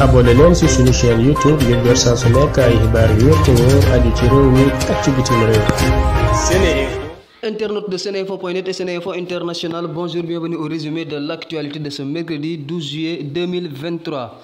abonné leen ci suñu chaîne YouTube ngir jot saa su nekk ay xibaar yu wér te ci réew mi ak ci bitim réew. Internautes de Seneinfo.net et Seneinfo International, bonjour, bienvenue au résumé de l'actualité de ce mercredi 12 juillet 2023.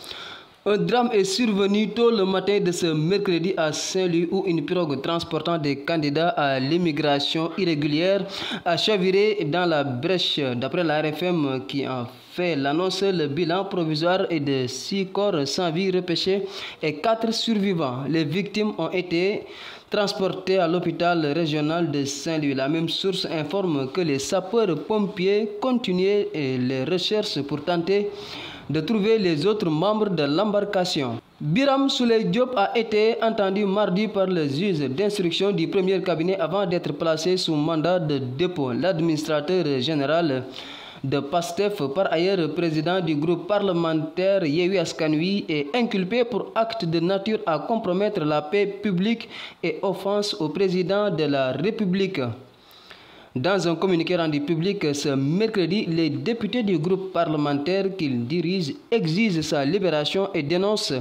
Un drame est survenu tôt le matin de ce mercredi à Saint-Louis où une pirogue transportant des candidats à l'immigration irrégulière a chaviré dans la brèche. D'après la RFM qui en fait l'annonce, le bilan provisoire est de 6 corps sans vie repêchés et quatre survivants. Les victimes ont été transportés à l'hôpital régional de Saint-Louis. La même source informe que les sapeurs-pompiers continuaient les recherches pour tenter de trouver les autres membres de l'embarcation. Biram Souley Diop a été entendu mardi par le juge d'instruction du première cabinet avant d'être placé sous mandat de dépôt. L'administrateur général de PASTEF, par ailleurs président du groupe parlementaire Yewi Askanui, est inculpé pour acte de nature à compromettre la paix publique et offense au président de la République. Dans un communiqué rendu public ce mercredi, les députés du groupe parlementaire qu'il dirige exigent sa libération et dénonce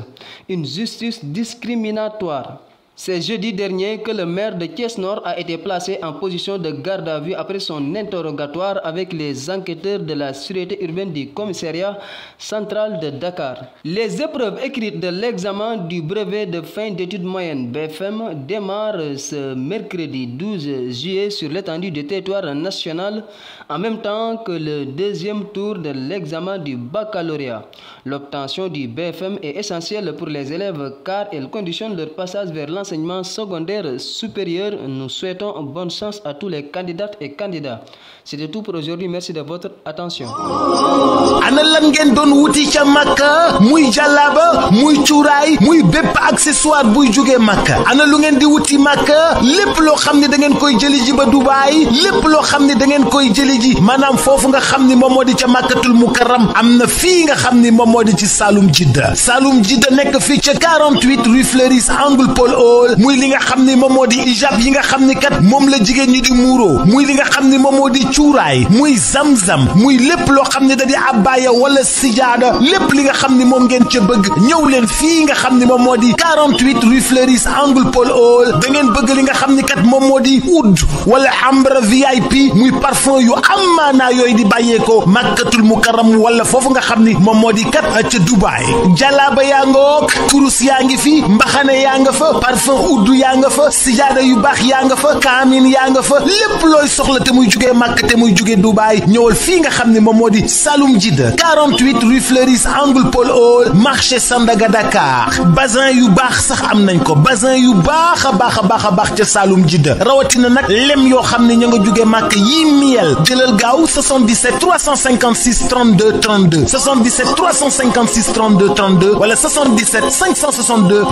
une justice discriminatoire. C'est jeudi dernier que le maire de Thiès-Nord a été placé en position de garde à vue après son interrogatoire avec les enquêteurs de la sécurité urbaine du commissariat central de Dakar. Les épreuves écrites de l'examen du brevet de fin d'études moyennes BFM démarrent ce mercredi 12 juillet sur l'étendue du territoire national en même temps que le deuxième tour de l'examen du baccalauréat. L'obtention du BFM est essentielle pour les élèves car l'enseignement secondaire supérieur. Nous souhaitons bonne chance à tous les candidates et candidats. C'était tout pour aujourd'hui. Merci de votre attention. ana lan ngeen doon wuti ca Makka muy jàllaaba muy cuuraay muy bépp accessoire buy jógee Makka ana lu ngeen di wuti Makka lépp loo xam ne da ngeen koy jëli ji ba Dubaay lépp loo xam ne da ngeen koy jëli ji maanaam foofu nga xam ni moom moo di ca Makkatul Mukarram am na fii nga xam ni moom moo di ci Saloum Jidda Saloum Jidda nekk fii ca 48 rue Fleuris angle Paul O lool muy li nga xam ni moom moo di ijab yi nga xam ni kat moom la jigéen ñi di muuro muy li nga xam ni moom moo di cuuraay muy zamzam muy lépp loo xam ni da di abbaaya wala sijaada lépp li nga xam ni moom ngeen ca bëgg ñëw leen fii nga xam ni moom moo di 48 rue Fleuris angle Paul Hall da ngeen bëgg li nga xam ni kat moom moo di oud wala ambre VIP muy parfum yu amaanaa yooyu di bàyyeekoo màkkatul mukarram wala foofu nga xam ni moom moo di kat ca Dubaay jalaaba yaa nga wook kurus yaa ngi fi mbaxane yaa fa uddu yaa nga fa sijaada yu baax yaa nga fa kaamin yaa nga fa lépp looy soxla te muy jugee Màkk te muy jugee Dubaay ñëwal fii nga xam ne moom moo di Saloum Jidda 48 rue Fleuris angle Paul Hall marché Sandaga Dakar bazin yu baax sax am nañ ko basin yu baax a baax a baax a baax ca Saloum Jidda rawatina nag lem yoo xam ne ña nga jugee Màkk yii miel jëlal gaaw 77 356 32 32 77 356 32